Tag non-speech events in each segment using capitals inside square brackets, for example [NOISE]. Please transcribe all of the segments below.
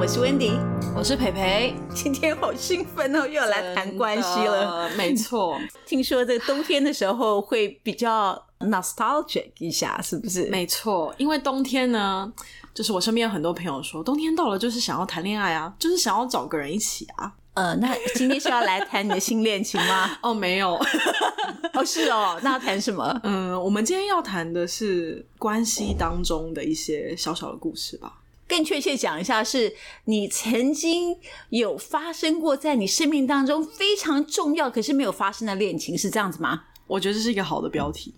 我是 Wendy，、嗯、我是培培，嗯、今天好興奮哦，又要來談關係了。沒錯，聽說這個冬天的時候會比較 nostalgic 一下，是不是？沒錯，因為冬天呢，就是我身邊有很多朋友說，冬天到了就是想要談戀愛啊，就是想要找個人一起啊。呃，那今天是要來談你的新戀情嗎？ [LAUGHS] 哦，沒有， [LAUGHS] 哦，是哦，那要談什麼？嗯，我們今天要談的是關係當中的一些小小的故事吧。更確切講一下，是你曾經有發生過在你生命當中非常重要，可是沒有發生的戀情，是這樣子嗎？我覺得這是一個好的標題。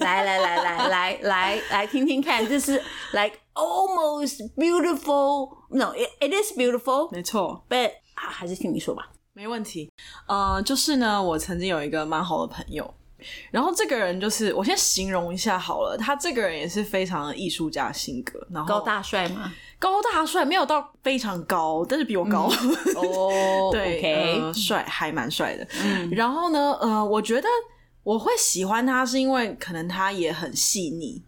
來來來來來來來聽聽看，這是 like almost beautiful，no it it is beautiful，沒錯，but 啊，還是聽你說吧。沒問題，呃，就是呢，我曾經有一個蠻好的朋友。然後這個人就是，我先形容一下好了。他這個人也是非常的藝術家性格，然後高大帥嗎？高大帥沒有到非常高，但是比我高。哦、嗯，oh, okay. 對，呃、帥還蠻帥的。嗯、然後呢，呃，我覺得我會喜歡他，是因為可能他也很細膩，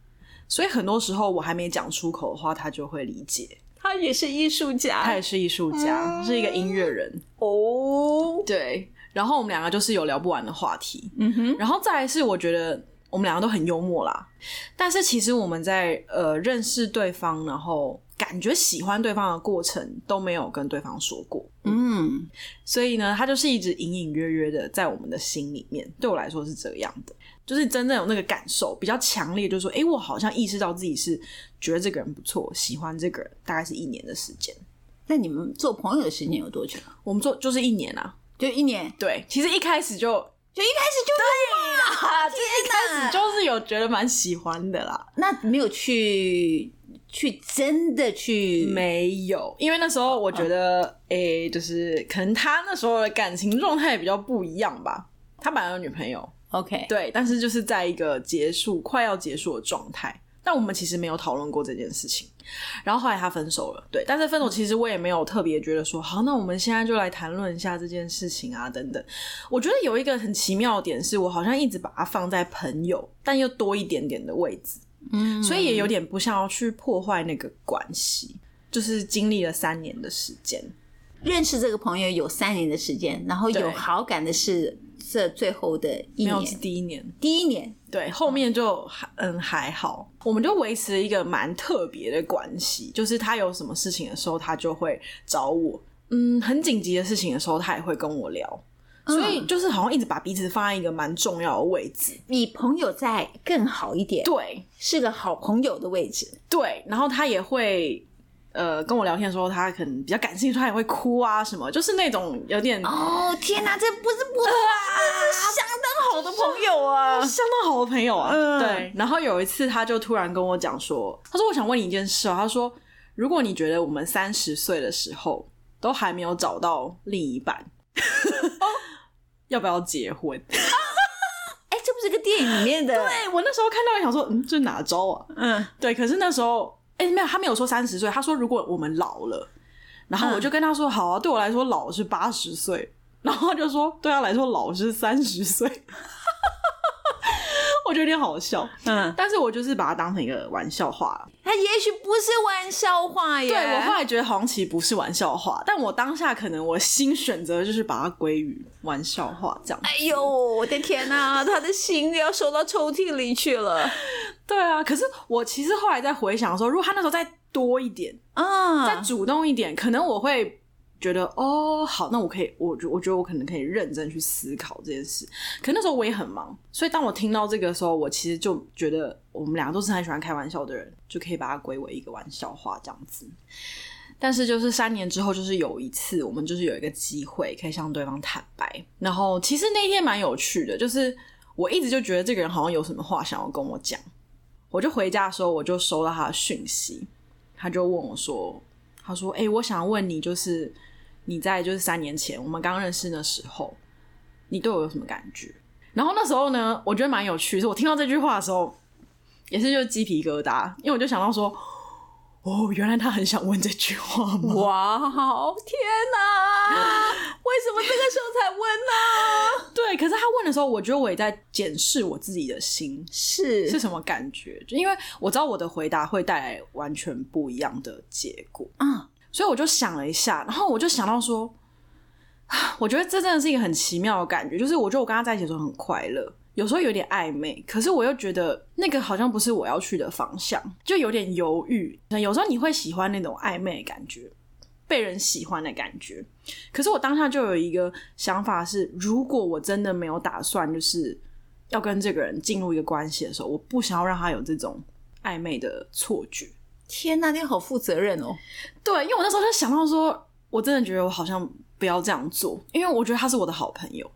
所以很多時候我還沒講出口的話，他就會理解。他也是藝術家，他也是藝術家，嗯、是一個音樂人。哦，oh. 對。然後我們兩個就是有聊不完的話題，嗯哼，然後再來是我覺得我們兩個都很幽默啦，但是其實我們在呃認識對方，然後感覺喜歡對方的過程都沒有跟對方說過，嗯，嗯，所以呢，他就是一直隱隱約約的在我們的心裡面，對我來說是這樣的，就是真正有那個感受比較強烈，就說，誒、欸，我好像意識到自己是覺得這個人不錯，喜歡這個人，大概是一年的時間。那你們做朋友的時間有多久？嗯、我們做就是一年啊。就一年，對，其實一開始就就一開始就是、對啊啦，其實哪一開始就是有覺得蠻喜歡的啦。那沒有去去真的去？沒有，因為那時候我覺得，哎、oh, oh. 欸，就是可能他那時候的感情狀態比較不一樣吧。他本來有女朋友，OK，對，但是就是在一個結束快要結束的狀態。但我們其實沒有討論過這件事情，然後後來他分手了，對。但是分手其實我也沒有特別覺得說，嗯、好，那我們現在就來談論一下這件事情啊，等等。我覺得有一個很奇妙的點是，我好像一直把他放在朋友，但又多一點點的位置，嗯。所以也有點不像要去破壞那個關係，就是經歷了三年的時間，認識這個朋友有三年的時間，然後有好感的是這最後的一年，對沒有，是第一年，第一年。對，後面就還嗯,嗯還好，我們就維持了一個蠻特別的關係，就是他有什麼事情的時候，他就會找我，嗯，很緊急的事情的時候，他也會跟我聊，嗯，所以就是好像一直把彼此放在一個蠻重要的位置，你朋友在更好一點，對，是個好朋友的位置，對，然後他也會。呃，跟我聊天的時候他可能比較感興趣，他也會哭啊什麼，就是那種有點……哦天哪、啊，嗯、這不是不好啊，啊這相當好的朋友啊，就是、相當好的朋友啊。嗯。對。然後有一次，他就突然跟我講說：“他說我想問你一件事啊。”他說：“如果你覺得我們三十歲的時候都還沒有找到另一半， [LAUGHS] [LAUGHS] 要不要結婚？”哎、 [LAUGHS] [LAUGHS] 欸，這不是個電影裡面的。對，我那時候看到我想說：“嗯，這哪招啊？”嗯，對。可是那時候。哎、欸，沒有，他沒有說三十歲，他說如果我們老了，然後我就跟他說、嗯、好啊，對我來說老是八十歲，然後他就說對他來說老是三十歲， [LAUGHS] 我覺得有點好笑，嗯，但是我就是把它當成一個玩笑話。他也許不是玩笑話耶。對，我後來覺得黃旗不是玩笑話，但我當下可能我心選擇就是把它歸於玩笑話這樣子。哎呦，我的天哪、啊，他的心要收到抽屜裡去了。 [LAUGHS] 對啊，可是我其實後來在回想說，如果他那時候再多一點啊，再主動一點，可能我會覺得哦，好，那我可以，我覺我覺得我可能可以認真去思考這件事。可那時候我也很忙，所以當我聽到這個時候，我其實就覺得我們兩個都是很喜歡開玩笑的人，就可以把它歸為一個玩笑話這樣子。但是就是三年之後，就是有一次，我們就是有一個機會可以向對方坦白。然後其實那天蠻有趣的，就是我一直就覺得這個人好像有什麼話想要跟我講。我就回家的時候，我就收到他的訊息，他就問我說：“他說，哎，我想問你，就是你在就是三年前我們剛認識的時候，你對我有什麼感覺？”然後那時候呢，我覺得蠻有趣，是我聽到這句話的時候，也是就雞皮疙瘩，因為我就想到說。哦，原來他很想問這句話嗎？哇，好天哪、啊！為什麼這個時候才問呢、啊？ [LAUGHS] 對，可是他問的時候，我覺得我也在檢視我自己的心是是什麼感覺，是就因為我知道我的回答會帶來完全不一樣的結果。嗯，所以我就想了一下，然後我就想到說，我覺得這真的是一個很奇妙的感覺，就是我覺得我跟他在一起的時候很快樂。有時候有點曖昧，可是我又覺得那個好像不是我要去的方向，就有點猶豫。有時候你會喜歡那種曖昧的感覺，被人喜歡的感覺。可是我當下就有一個想法是，如果我真的沒有打算就是要跟這個人進入一個關係的時候，我不想要讓他有這種曖昧的錯覺。天啊，你好負責任哦！對，因為我那時候就想到說，我真的覺得我好像不要這樣做，因為我覺得他是我的好朋友。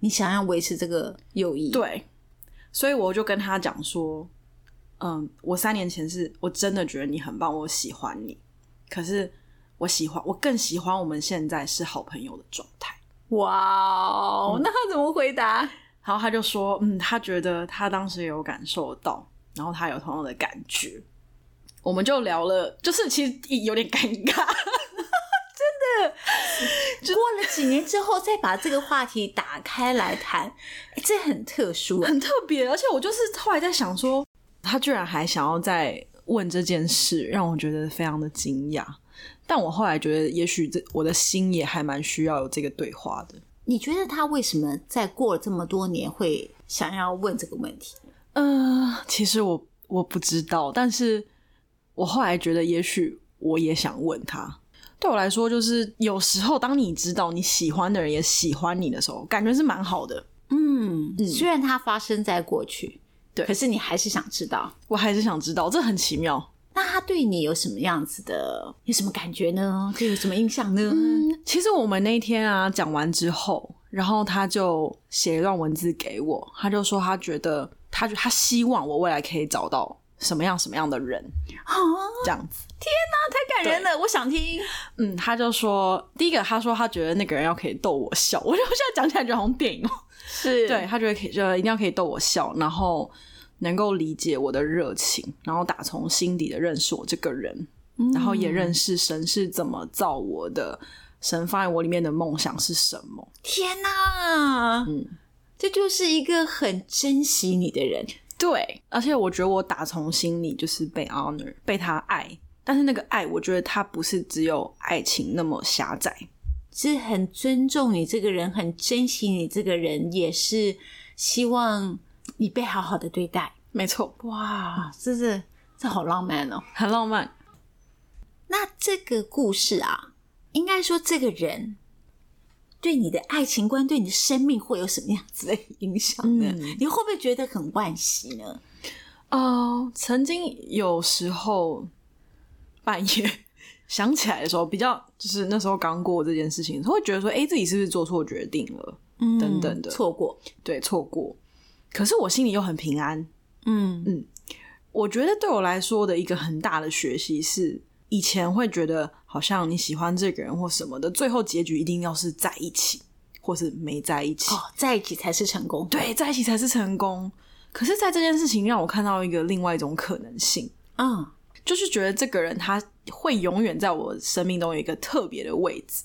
你想要維持這個友誼？對，所以我就跟他講說，嗯，我三年前是我真的覺得你很棒，我喜歡你，可是我喜歡我更喜歡我們現在是好朋友的狀態。哇，wow，那他怎麼回答？嗯。然後他就說，嗯，他覺得他當時有感受到，然後他有同樣的感覺。我們就聊了，就是其實有點尷尬。 [LAUGHS] 過了幾年之後，再把這個話題打開來談，欸，這很特殊，很特別。而且我就是後來在想說，說他居然還想要再問這件事，讓我覺得非常的驚訝。但我後來覺得，也許這我的心也還蠻需要有這個對話的。你覺得他為什麼在過了這麼多年會想要問這個問題？嗯，呃，其實我我不知道，但是我後來覺得，也許我也想問他。對我來說，就是有時候當你知道你喜歡的人也喜歡你的時候，感覺是蠻好的。嗯，雖然它發生在過去，對，可是你還是想知道，我還是想知道，這很奇妙。那他對你有什麼樣子的，有什麼感覺呢？就有什麼印象呢？那嗯，其實我們那一天啊講完之後，然後他就寫一段文字給我，他就說他覺得，他就，他希望我未來可以找到。什麼樣什麼樣的人，蛤這樣子，天哪、啊，太感人了，對我想聽。嗯，他就說，第一個，他說他覺得那個人要可以逗我笑，我覺得我現在講起來就好像電影。是，對他覺得可以，就一定要可以逗我笑，然後能夠理解我的熱情，然後打從心底的認識我這個人，嗯、然後也認識神是怎麼造我的，神放在我裡面的夢想是什麼。天哪、啊，嗯，這就是一個很珍惜你的人。對，而且我覺得我打從心裡就是被 honor，被他愛，但是那個愛，我覺得他不是只有愛情那麼狹窄，是很尊重你這個人，很珍惜你這個人，也是希望你被好好的對待。沒錯，哇，這，這好浪漫哦，很浪漫。那這個故事啊，應該說這個人。對你的愛情觀，對你的生命會有什麼樣子的影響呢？嗯、你會不會覺得很惋惜呢？哦、呃，曾經有時候半夜想起來的時候，比較就是那時候剛過這件事情，他會覺得說：“哎，自己是不是做錯決定了？”嗯、等等的，錯過，對，錯過。可是我心裡又很平安。嗯嗯，我覺得對我來說的一個很大的學習是，以前會覺得。好像你喜歡這個人或什麼的，最後結局一定要是在一起，或是沒在一起。哦，在一起才是成功。對，在一起才是成功。可是，在這件事情讓我看到一個另外一種可能性。啊、嗯，就是覺得這個人他會永遠在我生命中有一個特別的位置。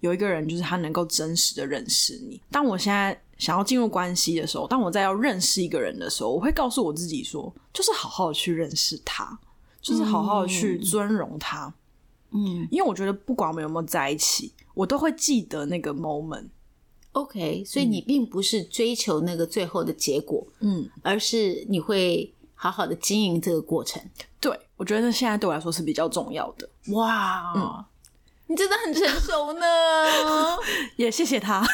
有一個人，就是他能夠真實的認識你。當我現在想要進入關係的時候，當我在要認識一個人的時候，我會告訴我自己說，就是好好的去認識他，就是好好的去尊榮他。嗯嗯，因為我覺得不管我們有沒有在一起，我都會記得那個 moment。OK，所以你並不是追求那個最後的結果，嗯，而是你會好好的經營這個過程。對，我覺得那現在對我來說是比較重要的。哇，嗯、你真的很成熟呢， [LAUGHS] 也謝謝他，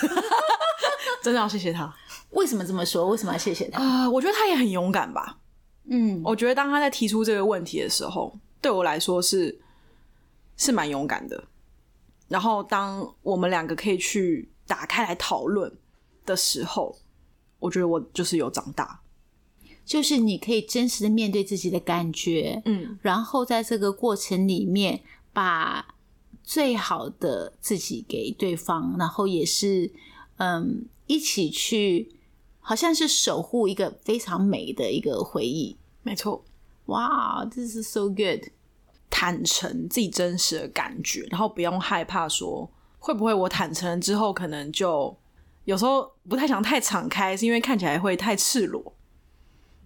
[LAUGHS] 真的要謝謝他。為什麼這麼說？為什麼要謝謝他？啊、呃，我覺得他也很勇敢吧。嗯，我覺得當他在提出這個問題的時候，對我來說是，是蠻勇敢的，然後當我們兩個可以去打開來討論的時候，我覺得我就是有長大，就是你可以真實的面對自己的感覺，嗯，然後在這個過程裡面，把最好的自己給對方，然後也是嗯，一起去，好像是守護一個非常美的一個回憶，沒錯，哇，這是 so good。坦誠自己真實的感覺，然後不用害怕說會不會我坦誠之後，可能就有時候不太想太敞開，是因為看起來會太赤裸。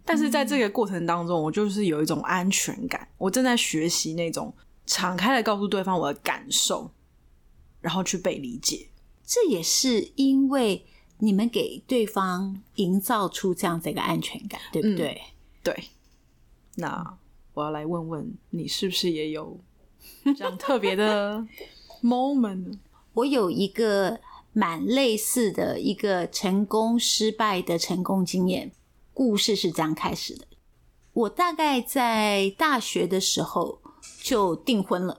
但是在這個過程當中，嗯、我就是有一種安全感。我正在學習那種敞開的告訴對方我的感受，然後去被理解。這也是因為你們給對方營造出這樣子一個安全感，對不對？嗯、對。那。我要來問問你，是不是也有這樣特別的 moment？ [LAUGHS] 我有一個蠻類似的一個成功失敗的成功經驗故事是這樣開始的：我大概在大學的時候就訂婚了，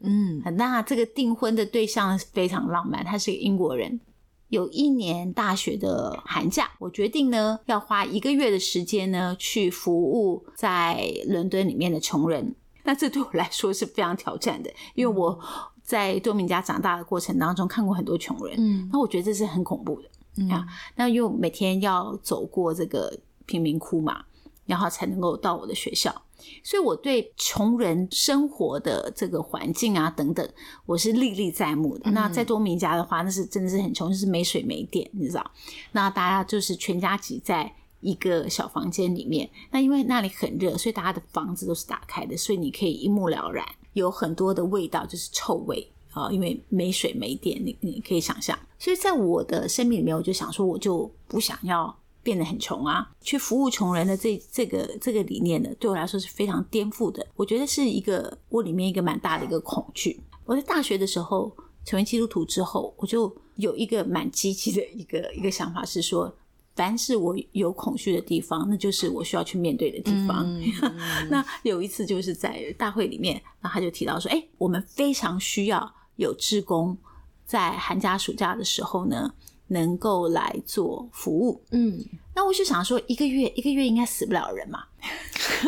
嗯，那這個訂婚的對象非常浪漫，他是個英國人。有一年大學的寒假，我決定呢要花一個月的時間呢去服務在倫敦裡面的窮人。那這對我來說是非常挑戰的，因為我在多明加長大的過程當中看過很多窮人，嗯，那我覺得這是很恐怖的，嗯啊，那因為我每天要走過這個貧民窟嘛，然後才能夠到我的學校。所以，我對窮人生活的這個環境啊，等等，我是歷歷在目的。嗯、那在多米家的話，那是真的是很窮，就是沒水沒電，你知道？那大家就是全家擠在一個小房間裡面。那因為那裡很熱，所以大家的房子都是打開的，所以你可以一目了然，有很多的味道，就是臭味啊、呃。因為沒水沒電，你你可以想象。所以在我的生命裡面，我就想說，我就不想要。變得很窮啊，去服務窮人的這這個這個理念呢，對我來說是非常顛覆的。我覺得是一個我裡面一個蠻大的一個恐懼。我在大學的時候成為基督徒之後，我就有一個蠻積極的一個一個想法，是說，凡是我有恐懼的地方，那就是我需要去面對的地方。 [LAUGHS] 那有一次就是在大會裡面，那他就提到說，誒、欸，我們非常需要有志工在寒假暑假的時候呢。能夠來做服務，嗯，那我就想說一，一個月一個月應該死不了人嘛，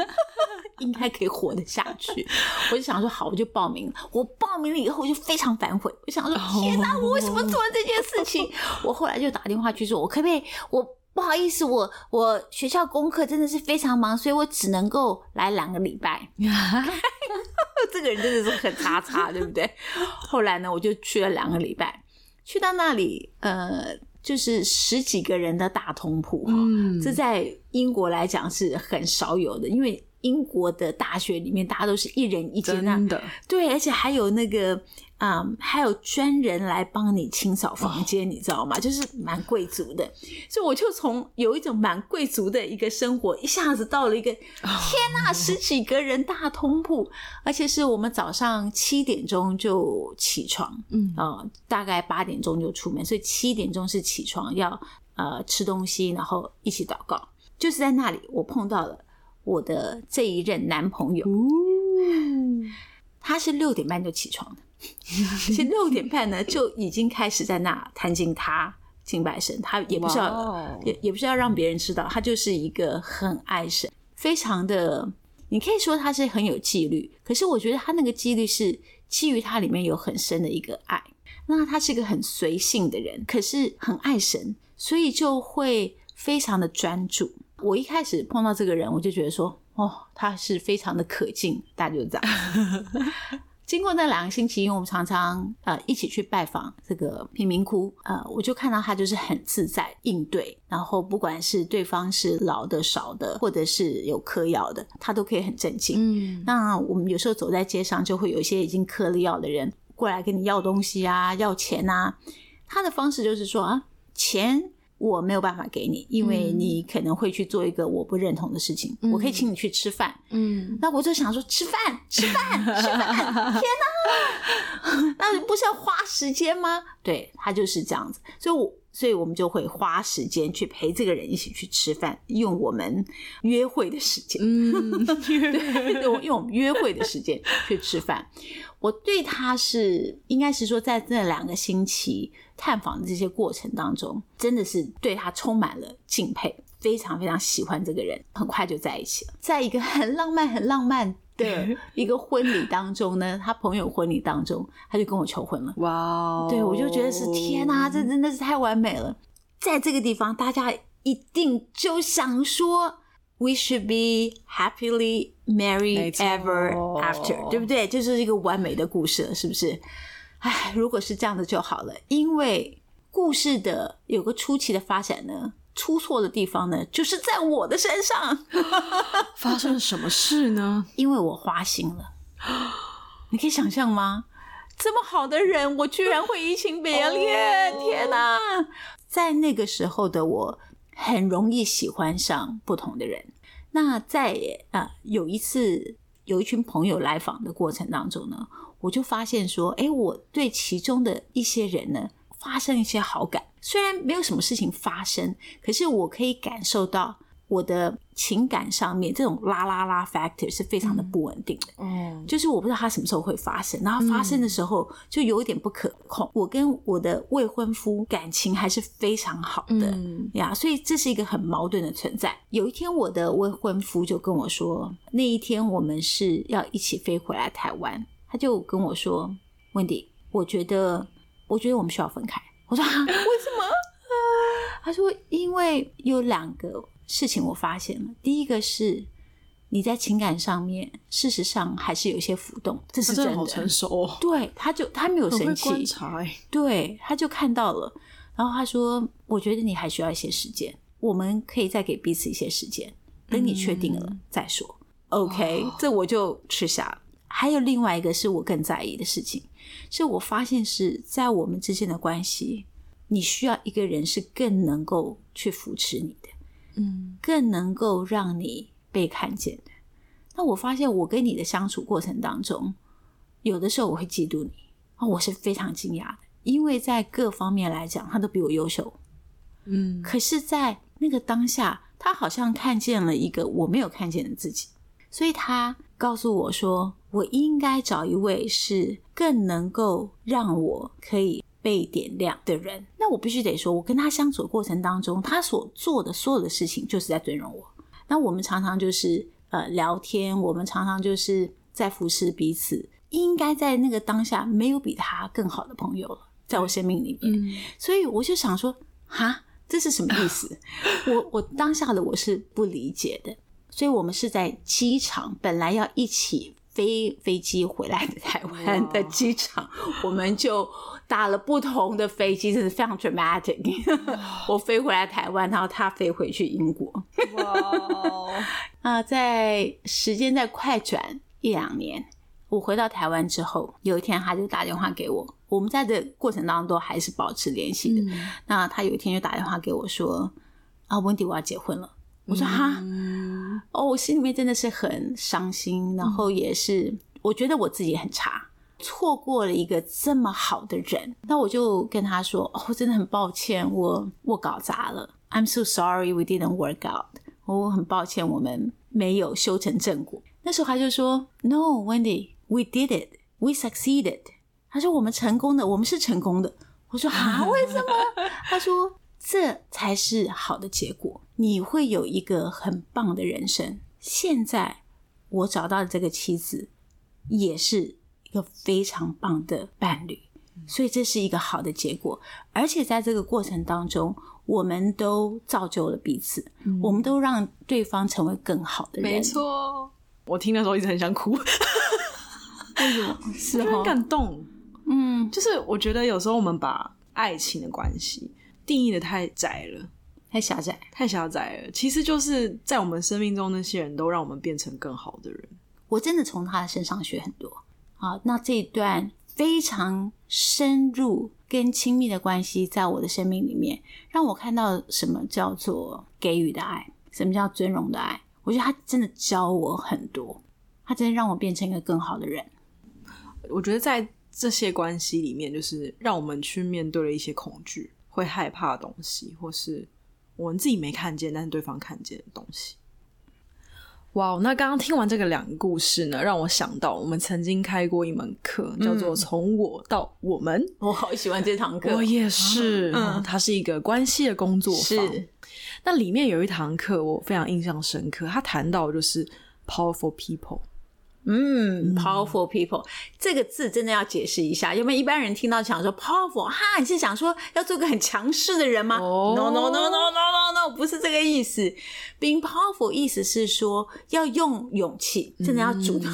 [LAUGHS] 應該可以活得下去。 [LAUGHS] 我就想說，好，我就報名了。我報名了以後我就非常反悔，我想說，天哪，哦、我為什麼做了這件事情？哦、我後來就打電話去說，我可不可以？我不好意思，我我學校功課真的是非常忙，所以我只能夠來兩個禮拜。 [LAUGHS] [LAUGHS] 這個人真的是很差差，對不對？ [LAUGHS] 後來呢，我就去了兩個禮拜。去到那裡，呃，就是十幾個人的大通鋪，喔，嗯，這在英國來講是很少有的，因為。英國的大學裡面，大家都是一人一間，真的。對，而且還有那個啊、嗯，還有專人來幫你清掃房間，oh. 你知道嗎？就是蠻貴族的，所以我就從有一種蠻貴族的一個生活，一下子到了一個、oh. 天哪、啊，十幾個人大通鋪，oh. 而且是我們早上七點鐘就起床，嗯、mm. 呃、大概八點鐘就出門，所以七點鐘是起床要呃吃東西，然後一起禱告，就是在那裡我碰到了。我的這一任男朋友，哦，他是六點半就起床的， [LAUGHS] 其實六點半呢，就已經開始在那彈琴，他敬拜神，他也不是要哇也，也不是要讓別人知道，他就是一個很愛神，非常的，你可以說他是很有紀律，可是我覺得他那個紀律是基於他裡面有很深的一個愛。那他是一個很隨性的人，可是很愛神，所以就會非常的專注。我一開始碰到這個人，我就覺得說，哦，他是非常的可敬，大家就這樣。 [LAUGHS] 經過那兩個星期，因為我們常常呃一起去拜訪這個貧民窟，呃，我就看到他就是很自在應對，然後不管是對方是老的少的，或者是有嗑藥的，他都可以很正經。嗯，那我們有時候走在街上，就會有一些已經嗑了藥的人過來跟你要東西啊，要錢啊，他的方式就是說啊，錢，我沒有辦法給你，因為你可能會去做一個我不認同的事情。嗯、我可以請你去吃飯，嗯，那我就想說吃飯，吃飯，吃飯， [LAUGHS] 吃飯天吶，那不是要花時間嗎？ [LAUGHS] 對，他就是這樣子，所以，我，所以，我們就會花時間去陪這個人一起去吃飯，用我們約會的時間，嗯， [LAUGHS] 對，用用我們約會的時間去吃飯。我對他是應該是說，在那兩個星期探訪的這些過程當中，真的是對他充滿了敬佩，非常非常喜歡這個人，很快就在一起了。在一個很浪漫、很浪漫的一個婚禮當中呢，對他朋友婚禮當中，他就跟我求婚了。哇 Wow！對，我就覺得是天哪，這真的是太完美了。在這個地方，大家一定就想說，We should be happily。Marry Never. ever after，oh. 對不對？就是一個完美的故事了，是不是？哎，如果是這樣子就好了，因為故事的有個出奇的發展呢，出錯的地方呢，就是在我的身上。 [LAUGHS] 發生了什麼事呢？因為我花心了。 [COUGHS] 你可以想象嗎？這麼好的人，我居然會移情別戀！Oh. 天哪，在那個時候的我，很容易喜歡上不同的人。那在啊，有一次有一群朋友來訪的過程當中呢，我就發現說，誒，我對其中的一些人呢，發生一些好感，雖然沒有什麼事情發生，可是我可以感受到。我的情感上面，這種啦啦啦 factor 是非常的不穩定的，嗯，嗯，就是我不知道它什麼時候會發生，然後發生的時候就有一點不可控。嗯、我跟我的未婚夫感情還是非常好的、嗯、呀，所以這是一個很矛盾的存在。嗯、有一天，我的未婚夫就跟我說，那一天我們是要一起飛回來台灣，他就跟我說：“Wendy，我覺得，我覺得我們需要分開。”我說、 [LAUGHS] 啊：“為什麼？”呃、他說：“因為有兩個。”事情我發現了，第一個是你在情感上面，事實上還是有一些浮動，這是真的。好成熟、哦，對，他就他沒有生氣，對，他就看到了，然後他說：“我覺得你還需要一些時間，我們可以再給彼此一些時間，等你確定了、嗯、再說。Okay, 哦” OK，這我就吃下了。還有另外一個是我更在意的事情，是我發現是在我們之間的關係，你需要一個人是更能夠去扶持你的。嗯，更能夠讓你被看見的。那我發現我跟你的相處過程當中，有的時候我會嫉妒你啊，我是非常驚訝，因為在各方面來講，他都比我優秀。嗯，可是在那個當下，他好像看見了一個我沒有看見的自己，所以他告訴我說，我應該找一位是更能夠讓我可以。被點亮的人，那我必須得說，我跟他相處的過程當中，他所做的所有的事情，就是在尊重我。那我們常常就是呃聊天，我們常常就是在服侍彼此。應該在那個當下，沒有比他更好的朋友了，在我生命裡面。嗯、所以我就想說，蛤，這是什麼意思？ [LAUGHS] 我我當下的我是不理解的。所以我們是在機場，本來要一起。飛飛機回來的台灣的機場，Wow. [LAUGHS] 我們就打了不同的飛機，真是非常 dramatic，um。 [LAUGHS] 我飛回來台灣，然後他飛回去英國。哇！啊，在時間在快轉一兩年，我回到台灣之後，有一天他就打電話給我，我們在這的過程當中都還是保持聯繫的。Mm. 那他有一天就打電話給我說：“啊，溫迪我要結婚了。”我說哈，哦，我心裡面真的是很傷心，然後也是我覺得我自己很差，錯過了一個這麼好的人。那我就跟他說，哦，我真的很抱歉，我我搞砸了。I'm so sorry we didn't work out。我，哦，很抱歉我們沒有修成正果。那時候他就說，No, Wendy, we did it, we succeeded。他說我們成功的，我們是成功的。我說啊，為什麼？他說。這才是好的結果，你會有一個很棒的人生。現在我找到的這個妻子，也是一個非常棒的伴侶，嗯、所以這是一個好的結果。而且在這個過程當中，我們都造就了彼此，嗯、我們都讓對方成為更好的人。沒錯，我聽的時候一直很想哭，為、 [LAUGHS] 哎、呦我覺得很感動。嗯，就是我覺得有時候我們把愛情的關係。定義的太窄了，太狹窄，太狹窄了。其實就是在我們生命中，那些人都讓我們變成更好的人。我真的從他的身上學很多啊。那這一段非常深入跟親密的關係，在我的生命裡面，讓我看到什麼叫做給予的愛，什麼叫尊榮的愛。我覺得他真的教我很多，他真的讓我變成一個更好的人。我覺得在這些關係裡面，就是讓我們去面對了一些恐懼。會害怕的東西，或是我們自己沒看見，但是對方看見的東西。哇，wow, 那剛剛聽完這個兩個故事呢，讓我想到我們曾經開過一門課，嗯、叫做《從我到我們》，我好喜歡這堂課， [LAUGHS] 我也是。嗯嗯、它是一個關係的工作坊，是那裡面有一堂課我非常印象深刻，他談到就是 powerful people。嗯，powerful people 這個字真的要解釋一下，有沒有一般人聽到想說 powerful，哈，你是想說要做個很強勢的人嗎？No，No，No，No，No，No，No，不是這個意思。Being powerful 意思是說要用勇氣，真的要主動，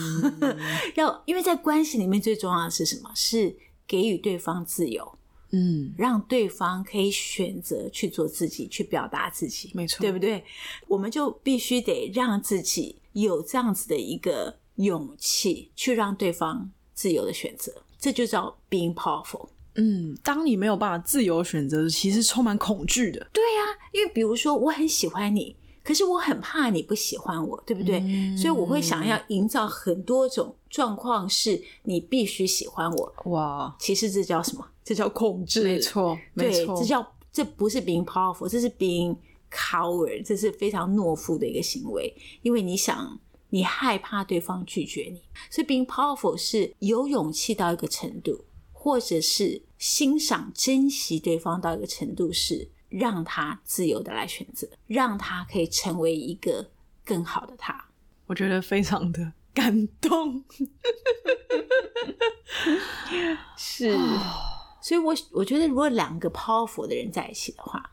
要、嗯、 [LAUGHS] 因為在關係裡面最重要的是什麼？是給予對方自由，嗯，讓對方可以選擇去做自己，去表達自己，沒錯，對不對？我們就必須得讓自己有這樣子的一個。勇氣去讓對方自由的選擇，這就叫 being powerful。嗯，當你沒有辦法自由選擇，其實充滿恐懼的。對呀，啊，因為比如說我很喜歡你，可是我很怕你不喜歡我，對不對？嗯，所以我會想要營造很多種狀況，是你必須喜歡我。哇，其實這叫什麼？這叫控制。沒錯，沒錯，這叫這不是 being powerful，這是 being coward，這是非常懦夫的一個行為，因為你想。你害怕對方拒絕你，所以 being powerful 是有勇氣到一個程度，或者是欣賞、珍惜對方到一個程度，是讓他自由的來選擇，讓他可以成為一個更好的他。我覺得非常的感動， [LAUGHS] 是。所以我，我我覺得如果兩個 powerful 的人在一起的話，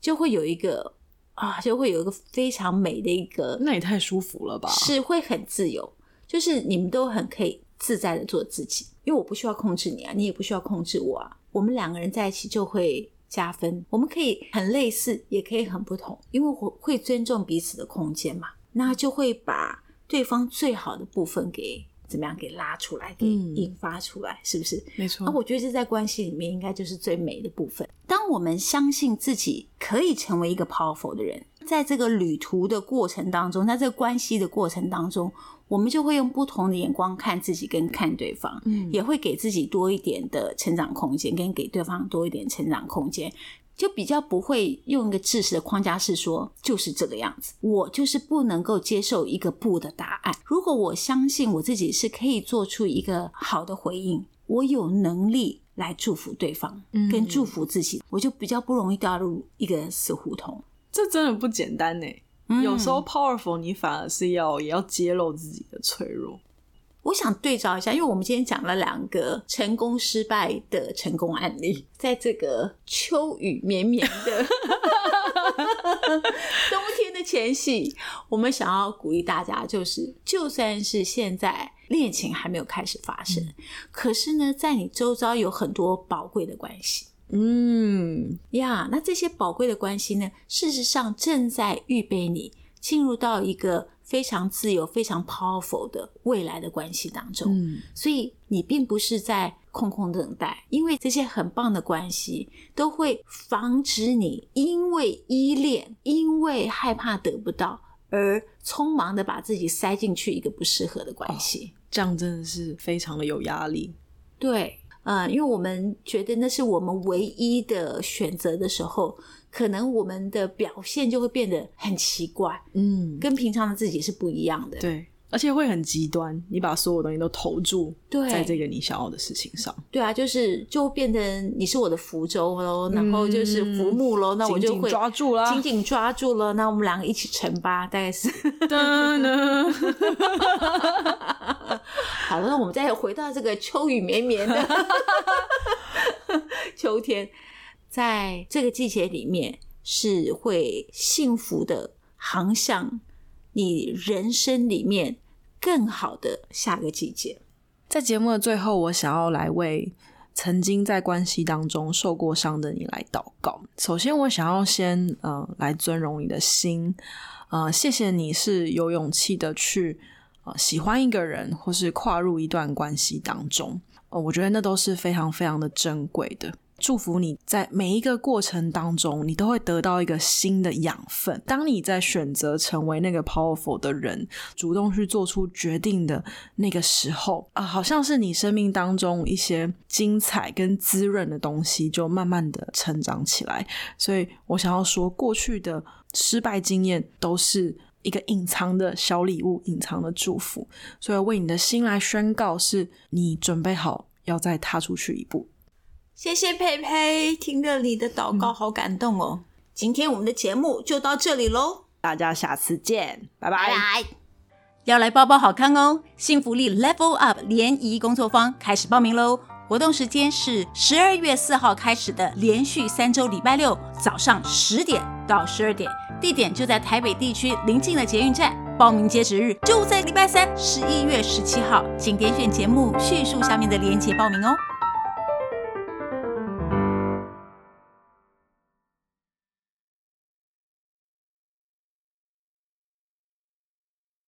就會有一個。啊，就會有一個非常美的一個，那也太舒服了吧？是會很自由，就是你們都很可以自在的做自己，因為我不需要控制你啊，你也不需要控制我啊。我們兩個人在一起就會加分，我們可以很類似，也可以很不同，因為我會尊重彼此的空間嘛，那就會把對方最好的部分給怎麼樣給拉出來，給引發出來，嗯、是不是？沒錯。那、啊、我覺得這在關係裡面應該就是最美的部分。我們相信自己可以成為一個 powerful 的人，在這個旅途的過程當中，在這個關係的過程當中，我們就會用不同的眼光看自己跟看對方，嗯，也會給自己多一點的成長空間，跟給對方多一點成長空間，就比較不會用一個知識的框架式說，就是這個樣子，我就是不能夠接受一個不的答案。如果我相信我自己是可以做出一個好的回應，我有能力，來祝福對方，跟祝福自己，嗯、我就比較不容易掉入一個人死胡同。這真的不簡單呢。嗯、有時候 powerful，你反而是要也要揭露自己的脆弱。我想對照一下，因為我們今天講了兩個成功失敗的成功案例，在這個秋雨綿綿的 [LAUGHS] 冬天的前夕，我們想要鼓勵大家，就是就算是現在戀情還沒有開始發生，嗯、可是呢，在你周遭有很多寶貴的關係，嗯呀，yeah, 那這些寶貴的關係呢，事實上正在預備你，進入到一個非常自由、非常 powerful 的未來的關係當中，所以你並不是在空空等待，因為這些很棒的關係都會防止你因為依戀、因為害怕得不到而匆忙的把自己塞進去一個不適合的關係。這樣真的是非常的有壓力。對。呃，因為我們覺得那是我們唯一的選擇的時候，可能我們的表現就會變得很奇怪，嗯，跟平常的自己是不一樣的，對。而且會很極端，你把所有東西都投注在這個你想要的事情上。對，對啊，就是就變成你是我的浮舟咯，嘍、嗯，然後就是浮木嘍，那我就會抓住了，緊緊抓住了，那我們兩個一起沉吧，大概是。 [LAUGHS] 呢 [LAUGHS] 好了，那我們再回到這個秋雨綿綿的 [LAUGHS] 秋天，在這個季節裡面是會幸福的航向你人生裡面更好的下個季節，在節目的最後，我想要來為曾經在關係當中受過傷的你來禱告。首先，我想要先呃來尊榮你的心，呃，謝謝你是有勇氣的去，呃，喜歡一個人，或是跨入一段關係當中，哦，呃，我覺得那都是非常非常的珍貴的。祝福你在每一個過程當中，你都會得到一個新的養分。當你在選擇成為那個 powerful 的人，主動去做出決定的那個時候，啊、呃，好像是你生命當中一些精彩跟滋潤的東西，就慢慢的成長起來。所以我想要說，過去的失敗經驗都是一個隱藏的小禮物，隱藏的祝福。所以為你的心來宣告，是你準備好要再踏出去一步。謝謝佩佩，聽着你的禱告，好感動哦！嗯、今天我們的節目就到這裡嘍，大家下次見，拜拜！拜拜要來包包好看哦！幸福力 Level Up 聯誼工作坊開始報名嘍，活動時間是十二月四號開始的，連續三周，禮拜六早上十點到十二點，地點就在台北地區臨近的捷運站。報名截止日就在禮拜三，十一月十七號，請點選節目敘述下面的連結報名哦。